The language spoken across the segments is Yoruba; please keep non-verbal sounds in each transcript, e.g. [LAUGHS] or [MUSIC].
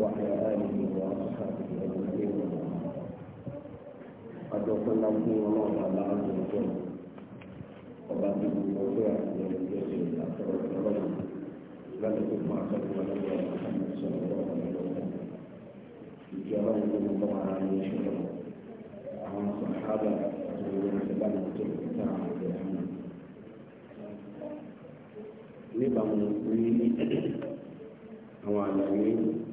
وعلى آله وأصحابه أجمعين قد وصلنا فيه الله تعالى عز وجل وبعد الموضوع من الجزء الأخر والرجل لم يكن معصر ولا محمد صلى الله عليه وسلم جرى من الله عليه شكره عن صحابة رسول الله صلى الله عليه وسلم níbàámu ní àwọn àlàyé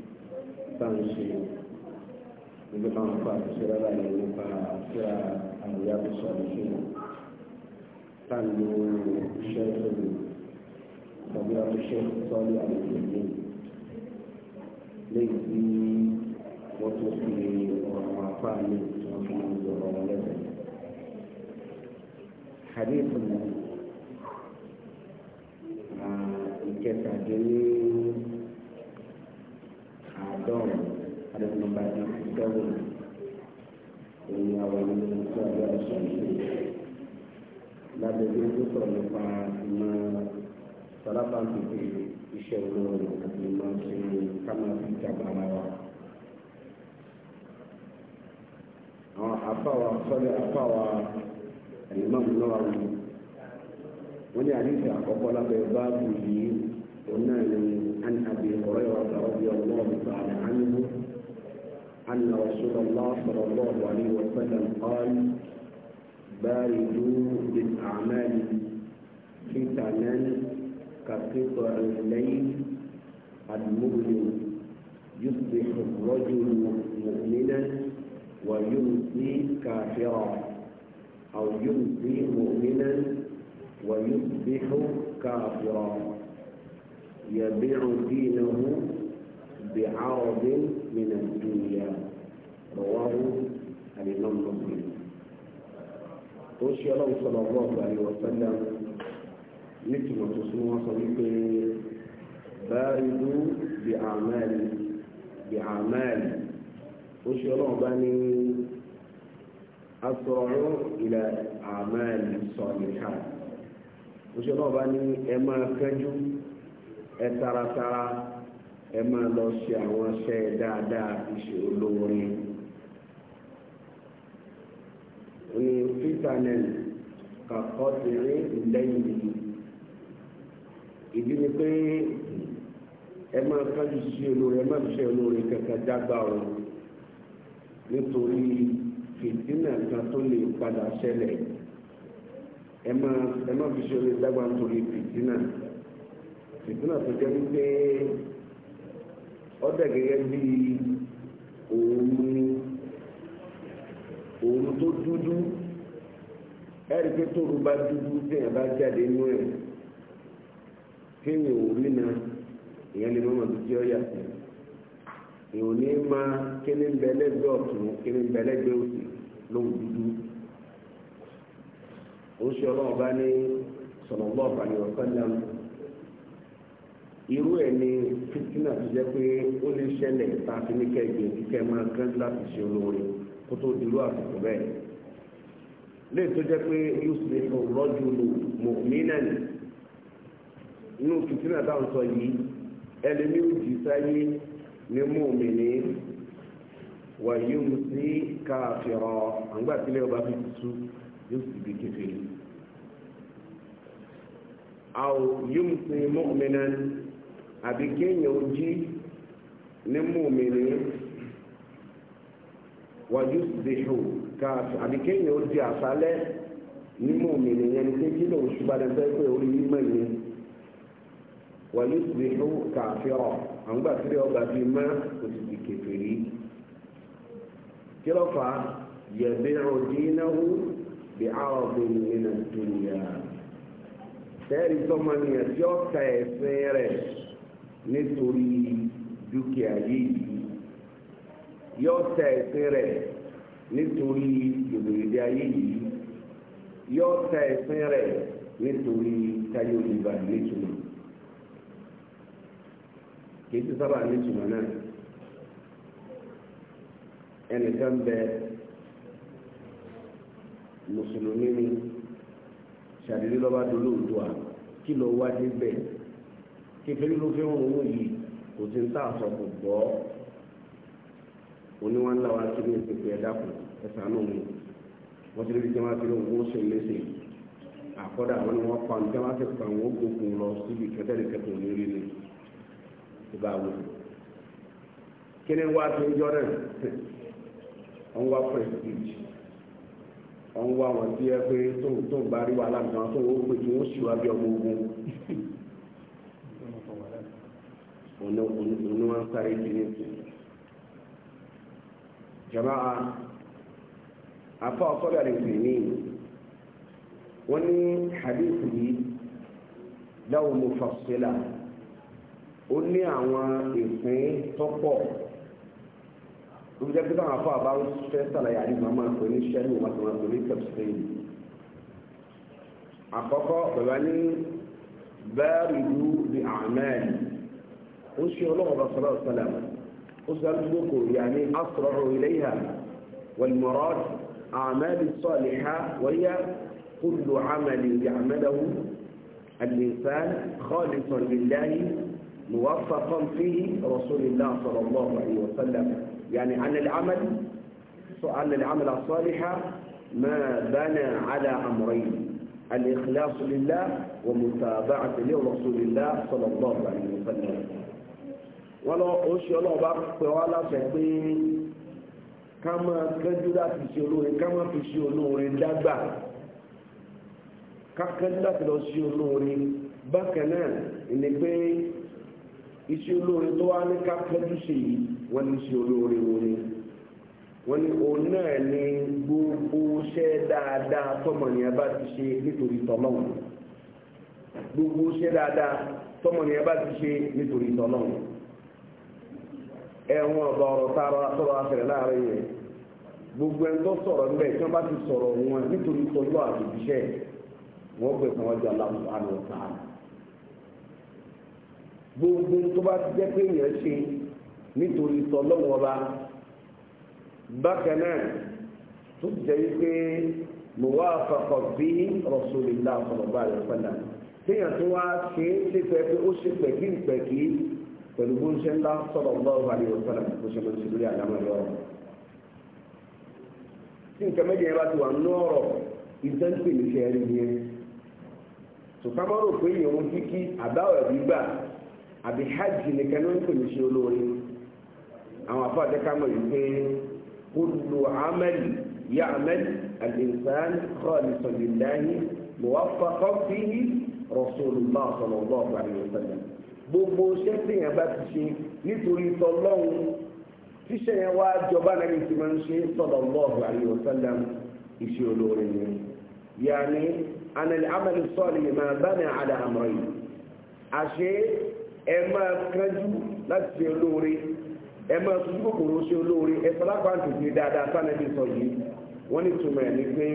sáǹsì níbi táwọn afọ àtúnṣe rárá yẹn nípa àfíà àwòyá tó sọ ní ṣe táàlù iṣẹ́ tó lù tàbí àtúnṣe sọ́ọ́lì àlejò yìí lẹ́yìn tí wọ́n tún fi ọ̀rọ̀ afọ àmì tí wọ́n fi ń lọ ọ̀rọ̀ lẹ́sẹ̀. حديثنا آه كتاب dɔw ale fana b'a di dɔw ma o ni awa ni sɔ yɔ sɔrɔ so labɛn tó sọ̀rọ̀ nípa ìmọ̀ sálábà tètè iṣẹ́ olóore àti ìmọ̀ ṣe kámá fi jàgbá ara wa. àwọn afáwa sọ́lẹ̀ afáwa ẹ̀yìn mọ́mú náà wọ́n ní àdéhùn àkọ́kọ́ lábẹ́ báàbù yìí. قلنا عن ابي هريره رضي الله تعالى عنه ان رسول الله صلى الله عليه وسلم قال باردوا بالاعمال فتنا كقطع الليل المظلم يصبح الرجل مؤمنا ويمسي كافرا او يمسي مؤمنا ويصبح كافرا يبيع دينه بعرض من الدنيا رواه الإمام مسلم توشي الله صلى الله عليه وسلم نتمة سنوة صديقه بارد بأعمال بأعمال توشي الله بني أسرع إلى أعمال الصالحات توشي الله بني أما كجو ẹ taratara ẹ máa lọ ṣe àwọn iṣẹ́ dáadáa iṣẹ́ olóore ní fítanẹ̀lì kàkọ́ ti rí lẹ́yìn ìdí ni pé ẹ máa kájú sí olóore ẹ máa ṣe olóore kankan jágbá o nítorí fìtínà kan tó lè padà ṣẹlẹ̀ ẹ máa fi ṣe olóore jágbá nítorí fìtínà ìdúnà tó jẹ́ wípé ọdẹ gẹ́gẹ́ bí òun òun tó dúdú ẹ̀rí pé tóru bá dúdú téèyàn bá jáde inú ẹ̀ kéèyàn ò rí na ìyẹn lè mọ́mọ́ tó jẹ́ ọ̀yà sí èèyàn ní máa kíní ń bẹ lẹ́gbẹ̀ẹ́ ọ̀tún kíní ń bẹ lẹ́gbẹ̀ẹ́ òsì lóhùn dúdú ó ṣe ọlọ́run bá ní sọ̀rọ̀ bọ́ọ̀ bá ní ọ̀sán lẹ́nu irú ẹ̀ ni fitina ti jẹ́ pé ó lè ṣẹlẹ̀ tá a fi ní kẹ́gbẹ́ kíkẹ́ máa kánjú láti ṣe olóore kó tó dirú àsìkò bẹ́ẹ̀ lè tó jẹ́ pé yusuf rọ́jú lu mọ̀mínà ni inú fitina táwọn sọ yìí ẹlẹ́ni ó jì sáyé ní mọ̀mìnì wàyí mu sí káfíọ̀ àgbà tí lẹ́yìn ọba fi tu yusuf bí kẹfẹ́ àwọn yìí mu ni àbí kéèyàn jí ní mùmìnì wàjú dìhù káàtó àbí kéèyàn ó di àṣálẹ́ ní mùmìnì yẹn ní kéjì lòun ṣùgbọ́n ẹni fẹ́ pé orí mímọ́ yẹn wàjú dìhù káàfíọ̀ àwọn gbàtúrẹ́ ọgbà fi mọ́ òsì kèfèrí kí ló fà á yẹ̀bẹ̀rù dínàwó bí àròbìn nínú dùnìyà. sẹ́ẹ̀rì sọ́mọ nìyẹn tí ó ta ẹ̀sìn rẹ̀ nítorí dúkìá yìí yóò tẹ ẹsẹ̀ rẹ̀ nítorí ìròyìn ayé yìí yóò tẹ ẹsẹ̀ rẹ̀ nítorí táyọ̀ ìgbà nítumọ̀ kìí ti sábà nítumọ̀ náà ẹnìkan bẹ mùsùlùmí ni ṣàdédé lọ́ba dolóòdùà kí ló wá bẹ́ẹ̀ kékeré ló fẹ́ wọn òun yìí kò sí ń tà sọ kò gbọ́ oníwọ̀n ńlá wa kí ní ìpèpè ẹ̀dá kù ẹ̀sán náà mú wọ́n ti rí jẹ́ wọn kiri owó ṣe léṣe àkọ́dà wọn ni wọ́n pa ní jẹ́wọ́n ti pa wọn gbogbo lọ síbi kẹtẹ́rì kẹtẹ́ òní rí ni ìgbà wò kí ni wàá fi ń jọ náà wọ́n wá prestige wọ́n wá wọn tí ẹ pé tó ń bá rí wàhálà nǹkan tó ń pè kí wọ́n ṣùwà bí ọmọ ogun òní wọn ń sáré kí ní ìsìn jama'a afa ọ̀sọ́dọ̀ àdìsí ní wọ́n ní hadith yìí dáwọ́ mu fasila ó ní àwọn ìpín tó pọ̀ ó jẹ́ pé táwọn afọ àbá fẹ́ sàlàyé àdìsí máa pè ní sẹ́nu wọn tó máa pè ní tẹ̀sílẹ̀ yìí àkọ́kọ́ bàbá ní bẹ́ẹ̀rù ìlú di àmẹ́ẹ̀lì. ó ṣe ọlọ́run bá والسلام ọ̀sálà ó يعني أسرع إليها والمراد ní الصالحة وهي كل عمل يعمله الإنسان خالصا لله موفقا فيه رسول الله صلى الله عليه وسلم يعني عن العمل عن العمل الصالح ما بنى على أمرين الإخلاص لله ومتابعة لرسول الله صلى الله عليه وسلم wọ́n lọ oṣù ọlọ́ọ̀bá pẹ̀ wá láṣẹ pé ká máa kẹ́jú láti ṣe olóore ká máa fi ṣe olóore dágbà ká kẹ́jú láti lọ ṣe olóore bákan náà ìní pé iṣẹ́ olóore tó wá ní ká kẹ́jú ṣe yìí wọ́n ní ṣe olóore wo ni wọ́n ní òun náà ní gbogbo ṣẹ́ dáadáa tọmọnìyàn bá ti ṣe nítorí tọ́lọ́wọ́ gbogbo ṣẹ́ dáadáa tọmọnìyàn bá ti ṣe nítorí tọ́lọ́wọ́ ẹ̀wọ̀n ọ̀bà ọ̀rọ̀ tá a sọ̀rọ̀ àfẹ̀rẹ̀ láàrin yẹn gbogbo ẹni tó sọ̀rọ̀ ńbẹ tí wọ́n bá ti sọ̀rọ̀ wọn nítorí tọ́jú àtòjíṣẹ́ wọ́n gbé fún ọjọ́ aláwọ̀ àlọ́ sáà gbogbo tó bá jẹ́ pé èèyàn ṣe nítorí tọ́lọ́wọ́n ọba bákan náà tó jẹ́ wípé mọ̀wá àfàkọ̀ bí Rasulullah sallallahu alaihi wasallam téèyàn tó wá ṣe é ṣe fẹ́ pé ó ṣe pẹ̀kí pẹ̀kí pẹ̀lú bó ń ṣe ńlá sọ̀rọ̀ ọlọ́run àti ìwọ̀sán àti bó ṣe lọ sí lórí àdámọ̀ ìwọ̀ ọ̀rọ̀. tí nǹkan méjì yẹn bá ti wà nínú ọ̀rọ̀ ìtẹ́ǹpì ní ṣe ẹni yẹn. tòkámọ́ rò pé ìyẹn ohun kíkí àbáwọ̀ ẹ̀rí gbà àbí hajj nìkan ní wọ́n pè ní ṣe olóore. àwọn afọ àdékámọ̀ yìí pé kullu amali ya'mal al-insan khalisan lillahi muwaffaqan fihi rasulullah sallallahu alaihi wasallam gbogbo sẹ́sìn yẹn bá ti ṣe nítorí tọ́lọ́hún tíṣẹ́ yẹn wá jọba nàbí tí máa ń ṣe sallallahu alaihi wasallam iṣẹ́ olóore ni yàní anàlẹ́ amẹ́lẹ́ sọ́ọ̀lì máa bá ní àdá àmọ́ yìí àṣé ẹ máa kánjú láti ṣe olóore ẹ máa tún kòkòrò ṣe olóore ẹ sọlápá ń tètè dáadáa sánẹ́bí sọ yìí wọ́n ní túmọ̀ ẹ̀ ní pé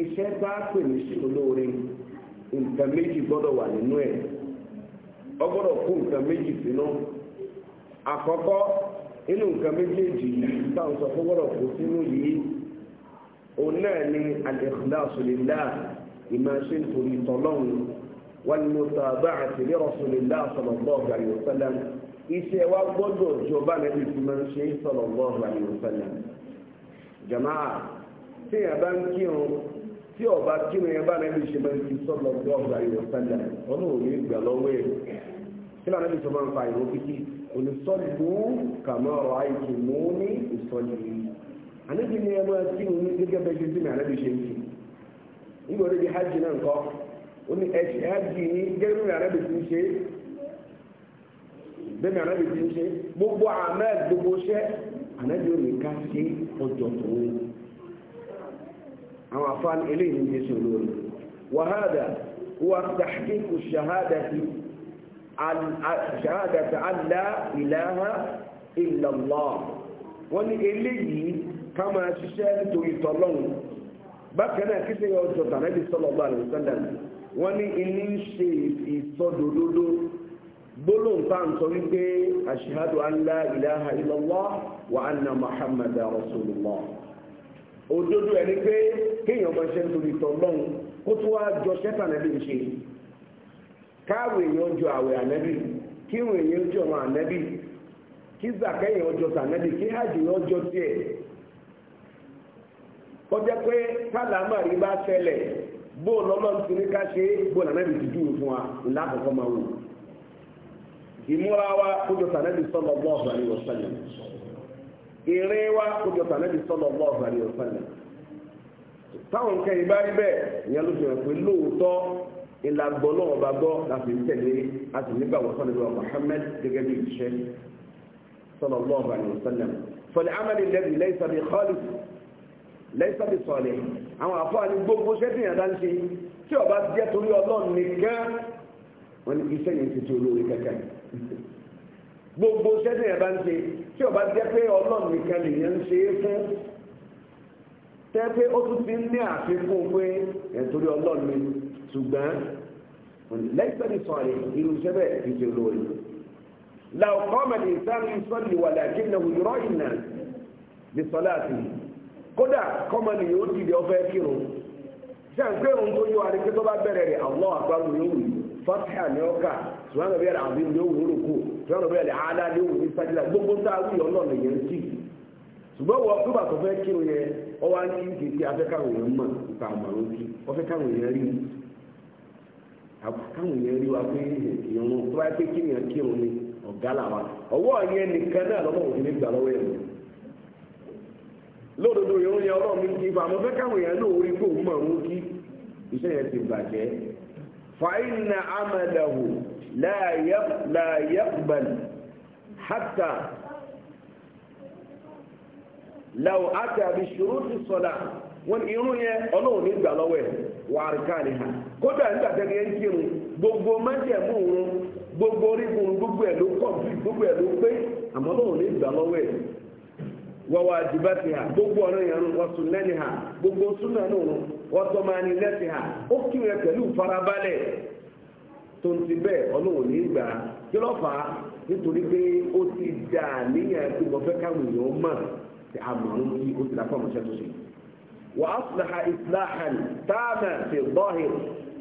iṣẹ́ bá pè ní ṣe olóore nǹkan méjì gbọ́dọ̀ wà nínú ẹ̀ ọgbọ́dọ̀ kó nǹkan méjì sínú àkọ́kọ́ inú nǹkan méjèèjì yìí táwọn sọ fún gbọ́dọ̀ kó sínú yìí òun náà ni al-ikhlasu lillah ìmọ̀ ṣe ń torí tọ́lọ́run wal-mutaba'ati li rasulillah sallallahu alaihi wasallam iṣẹ́ wa gbọ́dọ̀ jọba lẹ́nu tí máa ń ṣe sallallahu alaihi wasallam jamaa tí yẹn bá ń kírun tí ọba kírun yẹn bá lẹ́nu ṣe máa ń fi sallallahu alaihi wasallam ọlọ́run ní ìgbà lọ́wọ́ ẹ̀ kí lọ́nà bí sọ́mọ́ ń fa ìró kíkí olùsọ́lù kàmọ́ ọ̀rọ̀ àìsàn mú ní ìsọ̀lù yìí àníbi ni ẹ máa kí òun gẹ́gẹ́ bẹ́ẹ̀ ṣe sí mi ànábi ṣe ń kí nígbà orí bí hajj náà nǹkan ó ní ẹ̀ṣẹ̀ hajj yìí gẹ́gẹ́ bí ànábi ti ń ṣe bẹ́ẹ̀ ni ànábi ti ń ṣe gbogbo àmẹ́ gbogbo ṣẹ́ ànábi ò ká ṣe ọjọ́ tó ń àwọn afáàní eléyìí ń ṣàhádàtà àlá ìlàhà ìlàlọ́ wọ́n ní eléyìí ká máa ṣiṣẹ́ nítorí tọ́lọ́run bákan náà kí sẹ́yìn ọjọ́ tàbí sọ́lọ́gbà rẹ̀ sọ́dà wọ́n ní ilé ń ṣe ìsọdòdodo gbólóhùn tá à ń sọ wípé àṣìhádù àlá ìlàhà ìlàlọ́ wà á nà Muhammad òdodo ẹni pé kéèyàn máa ṣe nítorí tọ́lọ́run kó tó wá jọ ṣẹ́tà náà lè ṣe káàwé yẹn ọjọ́ àwẹ̀ anabi kí wọ́n yẹn ọjọ́ wọn ànẹ́bì kí zakẹ́yìn ọjọ́ sànẹ́bì kí hajj yẹn ọjọ́ tiẹ̀ kọjá pé kálámàrí bá ṣẹlẹ̀ bó lọ́mọ ti ní se ṣe ti dùn fún wa ńlá àkọ́kọ́ máa wò wa kójọ sànẹ́bì sọ́lọ̀ bọ́ọ̀sì àríwọ̀ wa ìlà gbọ́lọ́ ọba gbọ́ láti ń tẹ̀lé láti nígbà wọ́n sọ́nà ìwà Muhammad gẹ́gẹ́ bí ìṣe sallallahu alaihi wasallam fal-amal alladhi laysa bi khalis laysa bi salih àwọn àfọ́àní gbogbo sẹ́tì yàrá ń ṣe tí ọba jẹ́ torí ọlọ́run nìkan wọn ni iṣẹ́ yẹn ti ti olóore kẹ́kẹ́ gbogbo sẹ́tì yàrá ń ṣe tí ọba jẹ́ pé ọlọ́run nìkan lèèyàn ń ṣe é fún tẹ́ pé ó tún ti ní àfikún pé ẹ̀ torí ọlọ́run ṣùgbọ́n lẹ́sẹ̀rì sọ̀rọ̀ irú bẹ́ẹ̀ fi ṣe lórí. làwọn kọ́mẹ̀lì sáré sọ́ọ̀lì wà láti ní ìrọ̀ ìnà bí sọ́lá àti kódà kọ́mẹ̀lì yóò dìde ọ̀fẹ́ kírun. ṣé à ń pè tó yọ àríkẹ́ tó bá bẹ̀rẹ̀ rẹ̀ àwọn gbogbo ṣùgbọ́n kírun yẹn káwọn èèyàn rí wa pé ìrún tó wáyé pé kí nìyẹn kírun ni ọ̀gá làwa ọwọ́ yẹn nìkan náà lọ́wọ́ òfin ní gbà lọ́wọ́ yẹn lódodo ìrún yẹn ọlọ́run mi kì í fa àmọ́ káwọn èèyàn náà orí fóun mọ̀ ọ́n kí iṣẹ́ yẹn ti bàjẹ́ فإن عمله لا لا يقبل حتى لو أتى بشروط الصلاة wọ́n irun yẹn ọlọ́run ní gbà lọ́wọ́ ẹ̀ wà àríkàlẹ̀ ha kódà nígbà tẹ́lẹ̀ ń kírun gbogbo májẹ̀mú òun gbogbo orígun gbogbo ẹ̀ ló gbogbo ẹ̀ ló pé àmọ́ gbogbo gbogbo máa ní ó kí pẹ̀lú farabalẹ̀ tó ti bẹ́ẹ̀ kí fà á nítorí pé ó ti dà níyàn fẹ́ káwọn èèyàn mọ̀ àmọ́ wà á sùn في الظاهر. táàmà fi bọ́ọ̀hì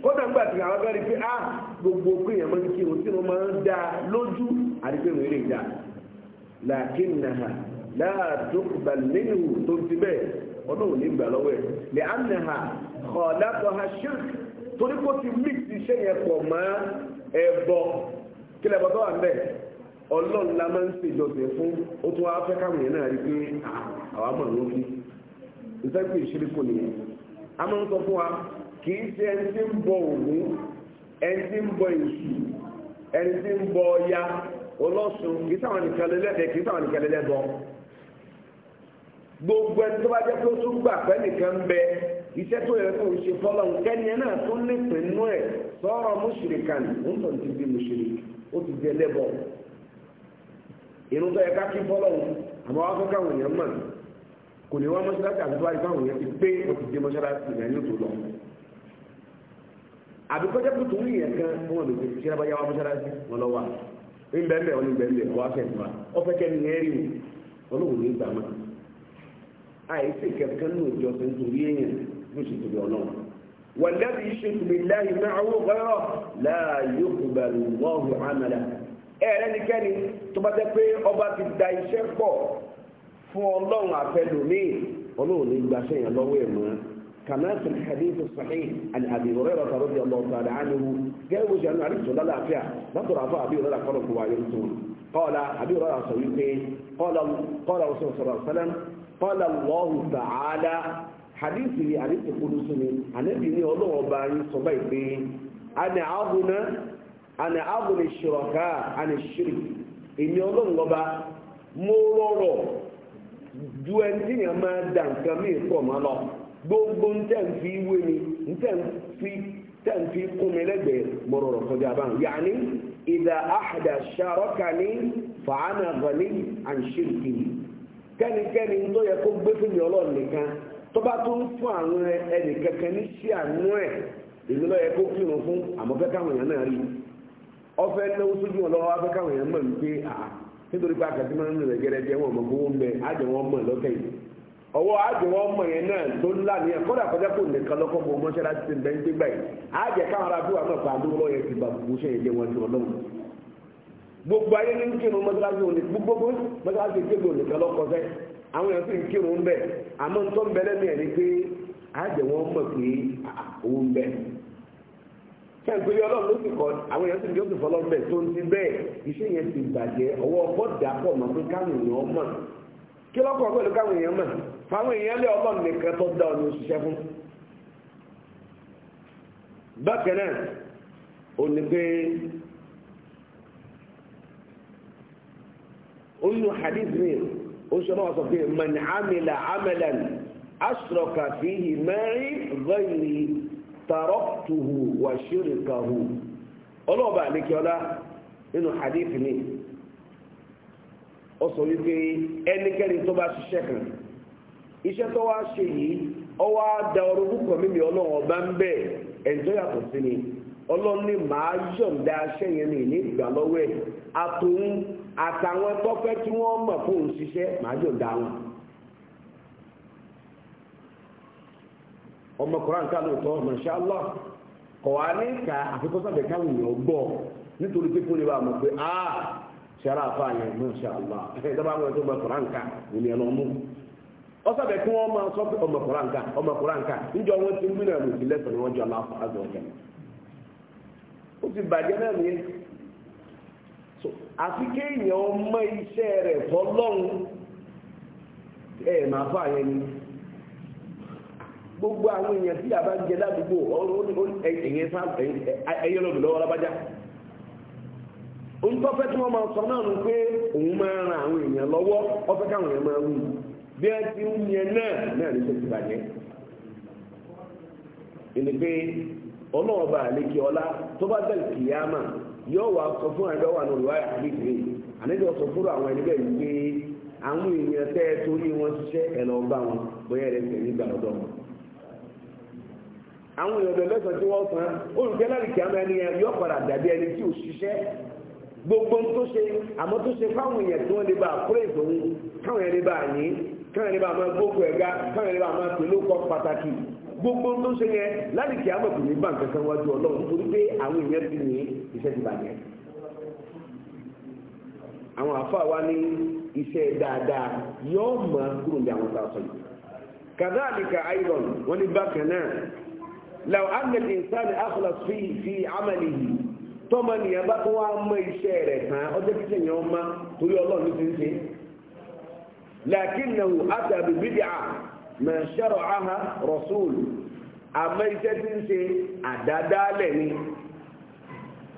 kódà ń gbà tí àwọn abẹ́rẹ́ pé á ah, gbogbo pé èèyàn máa ń kí òun tí wọ́n máa ń dá lójú àdìpé wọn eré ìjà làákín nàá láàdókùbà nínú tó ti bẹ́ẹ̀ ọlọ́run ní gbà lọ́wọ́ ẹ̀ lè á nà ha ọ̀dàpọ̀ ha ṣírk torí kó ti mix iṣẹ́ yẹn pọ̀ mọ́ ẹ̀bọ kí lẹ́bọ̀ wà ń bẹ̀ máa ń ṣèjọsìn fún ó tún wá fẹ́ káwọn yẹn náà rí pé ah, àwọn àmọ̀ ìfẹ́kì ìṣirikù nìyẹn a máa ń sọ fún wa kì í ṣe ẹni tí ń bọ òun ẹni tí ń bọ èṣù ẹni tí ń bọ ọya ọlọ́sùn kì í sáwọn nìkan lẹ́lẹ́dẹ̀ kì í sáwọn nìkan gbogbo ẹni tó bá jẹ́ pé ó tún gbà pé nìkan bẹ iṣẹ́ tó yẹ kó o ṣe fọlọ́n náà ẹ̀ mùsùlùkàn ń ti di mùsùlùkì ó ti di ìrúntọ́ yẹ ká kí àmọ́ wá kò lè wá mọ́ṣáláṣí àti wáyé fáwọn èèyàn ti pé wọ́n ti dé mọ́ṣáláṣí ìyẹn yóò tó lọ. àbíkọ́jẹ́ kò tún yìnyẹn kan wọn lè fi ṣẹlẹ̀ bá yá wá mọ́ṣáláṣí wọn lọ wà ńbẹ́ńbẹ́ wọn ńbẹ́ńbẹ́ wọn á fẹ̀sùn wa ọ̀fẹ́ kẹ́ni yẹn rí wọn lóhùn ní ìgbà máa. àìsí kẹ̀kẹ́ ní òjò ṣe ń torí èèyàn ló ṣe ti da iṣẹ́ pọ̀ fún ọlọ́run àfẹlòmíì ọlọ́run ní gbaṣẹ́ yẹn lọ́wọ́ ẹ̀ mọ́ كما في الحديث الصحيح عن ابي هريره رضي الله تعالى عنه جاءوا جاءوا عليه صلى الله عليه وسلم نظر ابو ابي هريره قال هو يرسول قال ابي هريره صحيح قال قال رسول الله صلى الله عليه وسلم قال الله تعالى حديثي عليه القدس عن ابي ني الله با ني انا اغنى انا اغنى الشركاء عن الشرك ان الله غبا mo rọrọ ju ẹni tí yẹn dà nǹkan pọ̀ mọ́ lọ gbogbo ń ń fi wé mi ń ń fi tẹ̀ ń fi kún mi lẹ́gbẹ̀ẹ́ mọ̀rọ̀rọ̀ kọjá bá ń yàní ìdá àhàdà ṣàrọ́kà ní fàánà gbọ̀nì àǹṣìkì kẹ́nikẹ́ni tó yẹ kó gbé fún mi ọlọ́run nìkan tó bá tún fún àwọn ẹnì kankan ní sí àánú ẹ̀ èmi fún káwọn náà rí nítorí pé àkàtí máa ń rìn gẹ́gẹ́ wọn mọ̀ kó wọ́n bẹ àjọ wọn mọ̀ lọ́kẹ́ yìí ọwọ́ àjọ mọ̀ yẹn náà tó ńlá ní kọ́dà kọjá kò nìkan lọ́kọ́ bọ̀ mọ́ṣáláṣí ti ń bẹ́ gbà yìí àjẹ káwọn ará fúwa náà pàdé wọ́n ti bà wọn ti ọlọ́run gbogbo ayé ní kírun gbogbo kébù nìkan lọ́kọ́ àwọn kẹ́ǹpẹ́lẹ́ ọlọ́run ló sì kọ́ àwọn èèyàn sì ń bẹ́ẹ̀ tó ń ti bẹ́ẹ̀ iṣẹ́ yẹn ti bàjẹ́ ọwọ́ bọ́ọ̀dà pọ̀ mọ́ pé káwọn èèyàn mọ̀ kí lọ́kọ̀ pẹ̀lú káwọn èèyàn mọ̀ fáwọn èèyàn lé ọlọ́run nìkan tó dá ọ̀nà òṣìṣẹ́ fún. bákan náà ní pé hadith mi ó náà sọ pé tàrọ́tùhù wà ṣírìkàhù ọlọ́ọ̀bà àlékiọlá nínú hadith ni ó sọ wípé ẹnikẹ́ni tó bá ṣiṣẹ́ kan iṣẹ́ tó wá ṣe yìí ó wá da orogún kan mímì ọba ń bẹ̀ ẹ̀jọ́ yàtọ̀ sí ni ọlọ́run ní màá yọ̀ǹda aṣẹ́ yẹn ní ní ìgbà àtòun àtàwọn tó tí wọ́n mọ̀ fóun ṣiṣẹ́ màá yọ̀ǹda wọn. ọmọ koran ká lóòótọ́ masha allah kọ̀ wá ní ká àfikún sábẹ̀ gbọ́ nítorí pé ah, fúnni [LAUGHS] bá mọ̀ pé a ṣara masha allah ẹ̀ dábàá koran ká ọmú kí máa sọ pé ọmọ koran ká ọmọ koran ká níjọ wọn ti náà lòdì ni jọ aláfọ ọjà ó ti bàjẹ́ náà nìyẹn àfi gbogbo àwọn èèyàn tí yàrá jẹ ládùúgbò ọ̀rọ̀ ẹ̀yìn sá ẹ̀yẹ lọ́dún lọ́wọ́ lábájá oúnjẹ ọ̀fẹ́ tí wọ́n máa sọ náà nù pé òun máa ran àwọn èèyàn lọwọ ọ̀fẹ́ káwọn èèyàn máa wù bí ti ń yẹn náà náà ní sẹ́sì bàjẹ́ ìní pé ọlọ́ọ̀bà àlekè ọlá tó bá bẹ̀rẹ̀ kìyàmà yóò wá sọ fún àjọ wà lórí wáyà àníjọ sọ àwọn ẹni bẹ́ẹ̀ àwọn èèyàn àwọn èèyàn ọ̀dọ̀ mẹ́sàn-án tí wọ́n san olùkẹ́lẹ́rì kí á máa nìyẹn yọ padà dàbí ẹni tí ò ṣiṣẹ́ gbogbo tó ṣe àmọ́ tó ṣe fáwọn èèyàn tí wọ́n lè bá àpúrẹ́sì òun káwọn ẹni bá ní káwọn ẹni bá máa gbókò ẹ̀gá káwọn ẹni bá máa pè lóko pàtàkì gbogbo tó ṣe yẹn lálìkí àmọ̀kù ní bá nǹkan kan wájú ọlọ́run torí pé àwọn èèyàn ti ní iṣẹ́ ti bàjẹ́ àwọn àfa wa ní iṣẹ́ dáadáa yóò mọ kúrò ní àwọn tá a sọ yìí kàdáàlì ka iron wọn ní bákan náà لو أن الإنسان أخلص في في عمله yìí tọ́mọ ما bá tó wá mọ iṣẹ́ rẹ̀ tán ọjọ́ títẹ̀ yẹn ọmọ torí ọlọ́run ti ń ṣe. làkínàwó àtàbí bídíà mà ṣẹ́rọ̀ áhà rọ̀ṣúùlù àmọ́ iṣẹ́ ti ń ṣe àdádálẹ̀ ni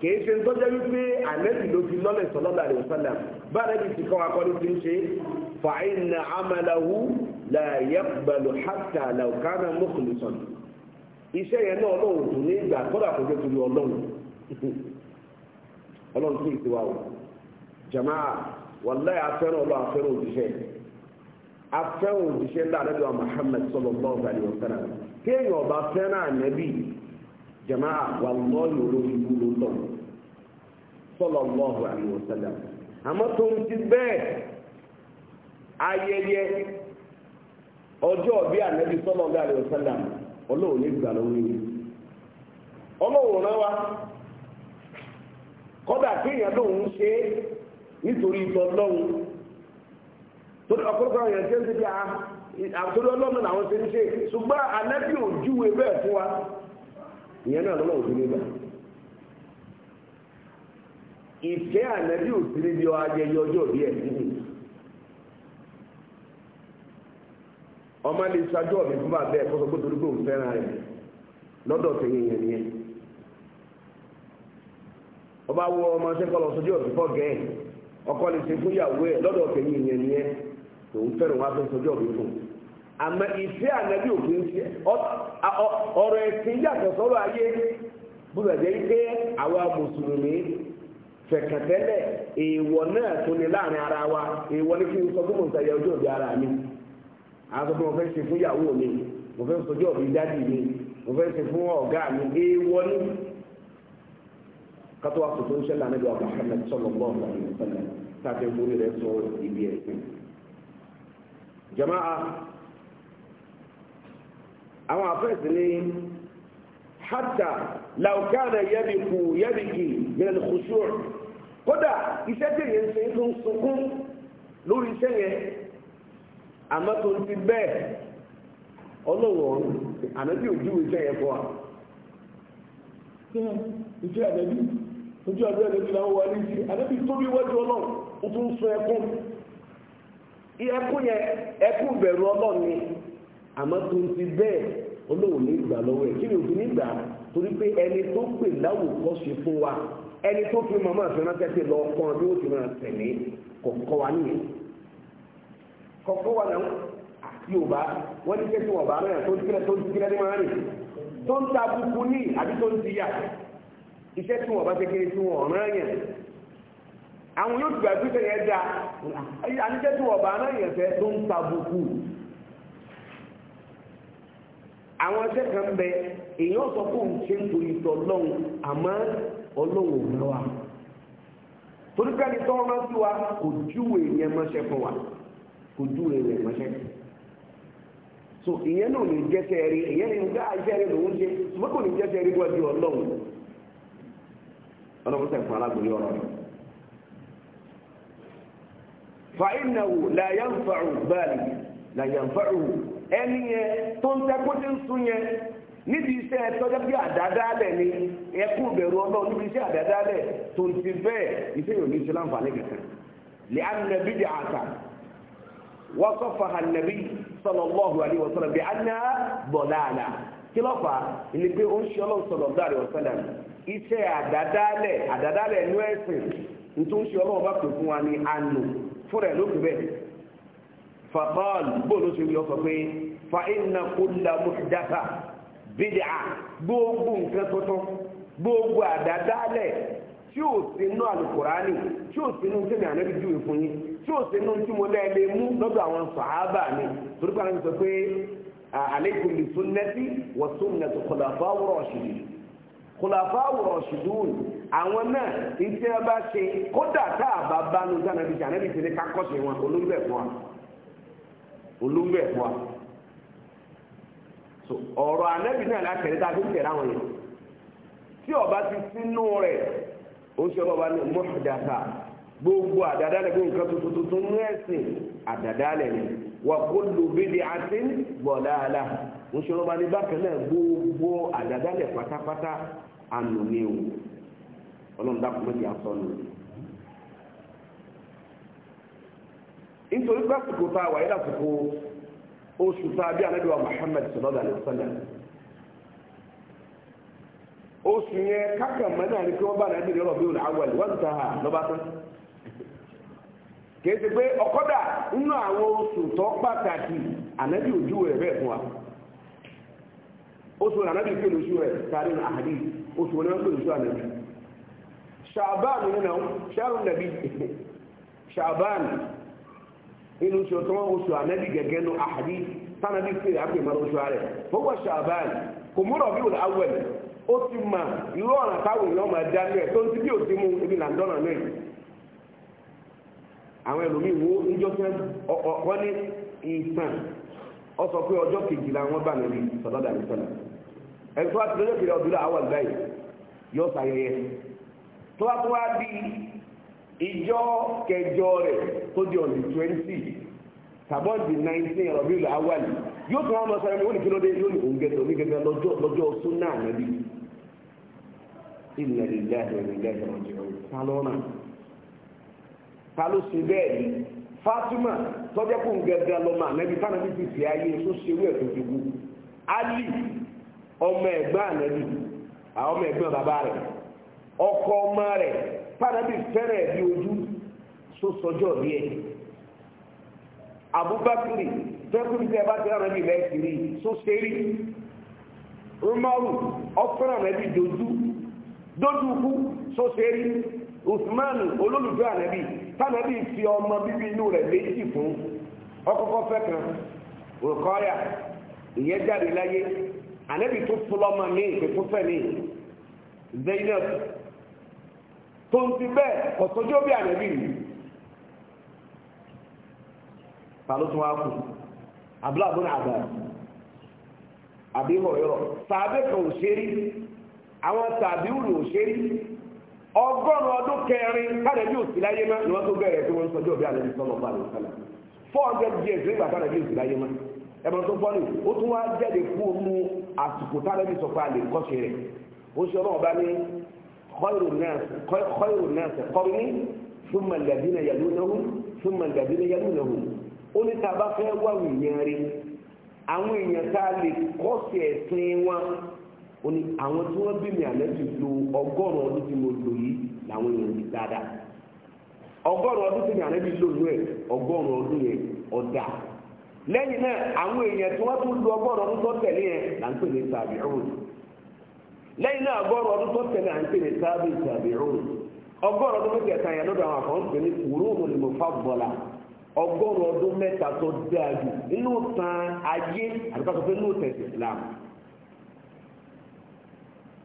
kìí ṣe ń tọ́jọ́ wípé ànẹ́bì ló fi lọ́lẹ̀ sọ́lọ́dà rẹ̀ sọ́lá bá rẹ̀ ti kọ́ akọ́ni ti ń ṣe fàáyìn na amalahu la yaqbalu hatta law kana mukhlisan iṣẹ́ yẹn náà ọlọ́run tó ní ìgbà kọ́dà kó jẹ́ torí ọlọ́run [LAUGHS] ọlọ́run tó ìpè wa o jamaa wàláyà afẹ́ràn ọlọ́run afẹ́ràn òjíṣẹ́ afẹ́ràn òjíṣẹ́ ńlá àdàbí wa Muhammad sallallahu alaihi wasallam kéèyàn ọba fẹ́ràn ànábì jamaa wàlọ́ọ̀lù olórí ibú ló tọ̀ sallallahu alaihi wasallam àmọ́ tó ń ti bẹ́ẹ̀ ayẹyẹ ọjọ́ ọ̀bí ànábì sallallahu alaihi wasallam ọlọ́run ní ìgbà lọ́wọ́ yìí ọlọ́run rán wa kọ́dà se lòun ṣe nítorí ìtọ́ lọ́hùn torí ọ̀pọ̀lọpọ̀ àwọn èèyàn ṣe ń ṣe bí àtòrí ọlọ́run làwọn ṣe ń ṣe ṣùgbọ́n fún wa ìyẹn náà lọ́wọ́ nígbà ìfẹ́ ọmọ maa ṣáájú ọ̀mí fún bàbá ẹ̀ kọ́sọ́ gbọ́dọ̀ olúgbò ń fẹ́ràn rẹ̀ lọ́dọ̀ tẹ̀yìn yẹn ọ ọba wọ ọmọ sẹ́kọ̀ lọ sọ́jú ọ̀bí fọ́ gẹ́ ọkọ lè ṣe fún ìyàwó ẹ̀ lọ́dọ̀ tẹ̀yìn yẹn fẹ́ràn wá fẹ́ fún àmọ́ ànábì òfin ṣe ọ̀rọ̀ ẹ̀sìn yàtọ̀ sọ́rọ̀ ayé àwọn tó fún mo fẹ́ ṣe fún ìyàwó mi mo fẹ́ sojú ọ̀bí dádì mi mo fẹ́ ṣe fún ọ̀gá mi dé wọ́lú kátó wa tuntun ń ṣẹlẹ̀ ànábi ọ̀gá Muhammad sallallahu alaihi wasallam tàbí múri rẹ̀ sọ ibi ẹ̀sìn. jama'a àwọn afẹ́sì ni hatta law yabiku yabiki min al-khushu' kódà iṣẹ́ tẹ̀yẹ̀ ń ṣe ń sunkún lórí iṣẹ́ yẹn àmọ́ tó ti bẹ́ẹ̀ ọlọ́wọ́ ànábì ojú iṣẹ́ yẹn fún wa. iṣẹ́ ànábì ojú àbúrò ànábì làwọn wà ní ìṣe ànábì tóbi wájú ọlọ́run ó tún sọ ẹkún ẹkún yẹn ẹkún bẹ̀rù ni ti kí ni òfin torí pé tó wa tó fi lọ kọ́ bí ti wa kọ̀ọ̀kan wà náà yorùbá wọ́n ní kẹ́sì wọ̀ bàánú yẹn tó ń tirẹ̀ tó ń tirẹ̀ ní máa rìn tó ń ta buku ní àbí tó ń ti yà iṣẹ́ tí wọ́n bá ṣe kéré tí wọ́n ọ̀ràn yẹn àwọn yóò tìgbà tí sẹ́yìn ẹ̀dá àníṣẹ́ tí wọ́n bàánú yẹn fẹ́ tó ń ta buku àwọn ẹsẹ̀ kan bẹ èèyàn sọ fún òun ṣe ń torí tọ́ lọ́hùn àmọ́ ọlọ́hùn ò náà wa torí pé ẹni tọ́ ọmọ sí wa kò júwèé yẹn mọ́ṣẹ́ fún wa ojú rẹ̀ mọ́lẹ̀ so ìyẹn náà ní jẹ́sẹ̀ rí ìyẹn ní gbá iṣẹ́ rẹ̀ lòún ṣe ṣùgbọ́n kò ní jẹ́sẹ̀ rí wọ́n di ọlọ́run ọlọ́run fún alágbèrè ọ̀rọ̀ rẹ̀ fàínàwò làyànfàrù báàlì làyànfàrù ẹni yẹn tó ń tẹ́kọ́ ń sún yẹn níbi iṣẹ́ tọ́jọ́ bí àdádálẹ̀ ni ẹkú bẹ̀rù ọlọ́run níbi iṣẹ́ àdádálẹ̀ tó ń ti bẹ́ẹ̀ iṣẹ́ yòó ní ṣe láǹfààní kankan lẹ́yìn àbídì àtà وصفها النبي صلى الله عليه وسلم بأنها ضلالة كلافة اللي بيقول إن شاء الله صلى الله عليه وسلم iṣẹ́ àdádálẹ̀ àdádálẹ̀ inú ẹ̀sìn nítorí ṣe ọlọ́run bá pè fún wa ní àánú bẹ́ẹ̀ fàbọ́ọ̀l bóòlù ṣe yọ sọ pé fa inna kulla muhdatha bid'a gbogbo nǹkan tuntun gbogbo àdádálẹ̀ tí ò sí inú alukurani tí ò sí inú tí mi ànábi júwe fún yín tí ò sí inú tí mo lẹ́ lè mú lọ́dọ̀ àwọn sàhábà mi torí pé ànábi sọ pé aleikum bi sunnati wa sunnati khulafa rashidin khulafa rashidun àwọn náà iṣẹ́ bá ṣe kódà tá a bá bá nu tí ànábi ṣe ànábi ṣe ní kakọ́ṣe wọn olúmbẹ̀ fún wa olúmbẹ̀ fún wa ọ̀rọ̀ ànábi náà látẹ̀lé tá a fi ń tẹ̀lé àwọn yẹn tí ọba ti sínú rẹ̀ ó ń ṣe ọlọ́ba ní mọ́ṣádáta gbogbo àdàdálẹ̀ gbogbo nǹkan tuntun tuntun ní ẹ̀sìn àdàdálẹ̀ ni wà kó lò bídìí àti bọ̀dáàlà ń ṣe ọlọ́ba ní bákan náà gbogbo àdàdálẹ̀ pátápátá ànú ni o ọlọ́run dákun méjì àsọnù nítorí pé àsìkò tá a wà yẹ́ àsìkò oṣù tá a bí anábìwá Muhammad sallallahu alaihi wasallam osunye kaka kákan mọ́ náà ni kí na bá nàá nílẹ̀ awa olùhàwẹ̀lì wọ́n ha lọ́ba tán kì í ṣe pé ọ̀kọ́dà nínú àwọn oṣù tó pàtàkì ànábì ojú rẹ̀ bẹ́ẹ̀ na wa oṣù ànábì pé lóṣù rẹ̀ tàbí àhàdì oṣù wọn náà pé lóṣù ànábì ṣàbáàmù Shaban ṣàrùn nàbí ṣàbáàmù inú oṣù na oṣù ọbịa ó ti mà irú ọ̀nà táwọn èèyàn máa dá lẹ̀ tó ń ti bí mú ibi là ń dọ́nà náà yìí àwọn ẹlòmíì wo níjọ́ wọ́n ní ìsàn ọ sọ pé ọjọ́ kejìlá wọn ní ẹ̀sùn wa ti lọ́jọ́ ọdún náà àwọn àgbà yìí yọ sàyẹyẹ tó wá tó wá ìjọ kẹjọ rẹ̀ tó di ọ̀nì twenty tàbọ̀ nineteen ọ̀rọ̀ bí ìlú àwọn yìí yóò tún wọn lọ sọ ẹni inna lillahi wa inna ilayhi raji'un sálọ́nà ta ló ṣe bẹ́ẹ̀ ni Fatima tọ́jọ́ kò ń gẹ́gẹ́ lọ́mọ ànábi fanabi ti fi ayé tó ṣe wẹ̀ tó Ali ọmọ ẹ̀gbọ́n ànábi àwọn ọmọ ẹ̀gbọ́n bàbá rẹ̀ ọkọ ọmọ rẹ̀ fanabi fẹ́rẹ̀ bí ojú tó sọjọ́ bí ẹ̀ Abubakar tẹ́kùn tí ẹ bá tẹ́ràn ànábi lẹ́ẹ̀kiri tó ṣe rí Umaru ọ̀fẹ́ràn dojú dójú kú sóṣèrí usman olólùfẹ́ ànábì tànábì fi ọmọ bíbí inú rẹ̀ méjì fún ọkọ̀kọ́ fẹ́ kan rùkọ́yà ìyẹn jáde láyé ànábì tó fúlọ́mọ ní ìpè tó fẹ́ ní zainab tó ń ti bẹ́ẹ̀ ọ̀tọ́jọ́ bí ànábì rí ta ló tún wá kù abúlé àbúrò àbá àbí ìhòòhò sàbẹ̀ kan àwọn tàbí wùlò òṣèré ọgọ́rùn-ún ọdún kẹrin kánàbí òsì láyé má ni wọ́n tó bẹ̀rẹ̀ tí wọ́n sọjọ́ bí alẹ́ sọ́nà ọba àlè four hundred years nígbà kánàbí òsì láyé má ẹ̀bùn tó fọ́nì ó tún wá jáde fún omu àsìkò kánàbí sọ pé alẹ́ kọ́ṣe rẹ̀ ó ṣe ọlọ́run bá ní kọ́ìrò nẹ́ẹ̀sì kọ́rin ní tá a bá fẹ́ ó ní àwọn tí wọ́n bí mi àlẹ́bí lo ọgọ́rùn ọdún tí mo lò yìí làwọn èèyàn yìí dáadáa ọgọ́rùn ọdún tí mi lò ẹ̀ ọgọ́rùn ọdún yẹn ọ̀dà lẹ́yìn náà àwọn èèyàn tí wọ́n tún lo ọgọ́rùn ọdún tó tẹ̀lé yẹn là ń pè ní lẹ́yìn náà ọgọ́rùn ọdún tó tẹ̀lé à ń pè ní ọgọ́rùn ọdún yẹn lọ́dọ̀ àwọn ní ni mo fà bọ̀lá ọgọ́rùn ọdún mẹ́ta tó dáa jù nínú tan ayé àti pàtó pé nínú tẹ̀sí Islam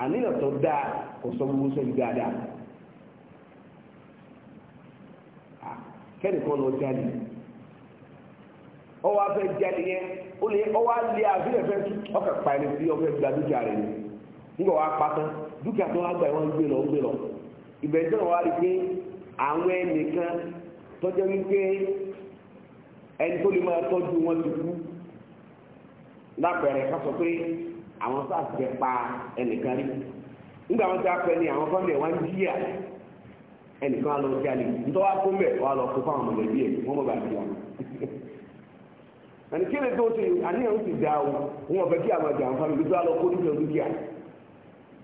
àníyàn tó dáa kò sọ gbogbo sórí dáadáa ah, kẹ́nìkan lọ jáde chali afẹ́ jáde yẹn ó lè ọwọ́ alẹ́ àfihàn fẹ́ ọkà pa ẹni sí ọfẹ́ gba dúkìá ni nígbà wàá pátán dúkìá tó wá gbà wọ́n gbé lọ gbé lọ ìbẹ̀rẹ̀ tó wà rí pé àwọn ẹnìkan tọ́jọ́ wípé ẹni tó lè ti àwọn sars jẹ pa ẹnìkan rí nígbà wọn ti apẹ ni àwọn kan bẹ wọn jíyà ẹnìkan lọ sí alẹ nítorí wọn kó mẹ wọn lọ kó fáwọn mọ̀lẹ́bí ẹ wọn bọ bá di wọn. àní kíni tó ṣe àníyàn ti da o wọn fẹ́ kí àwọn àjọ àwọn fámìlì tó wà lọ kó dúkìá dúkìá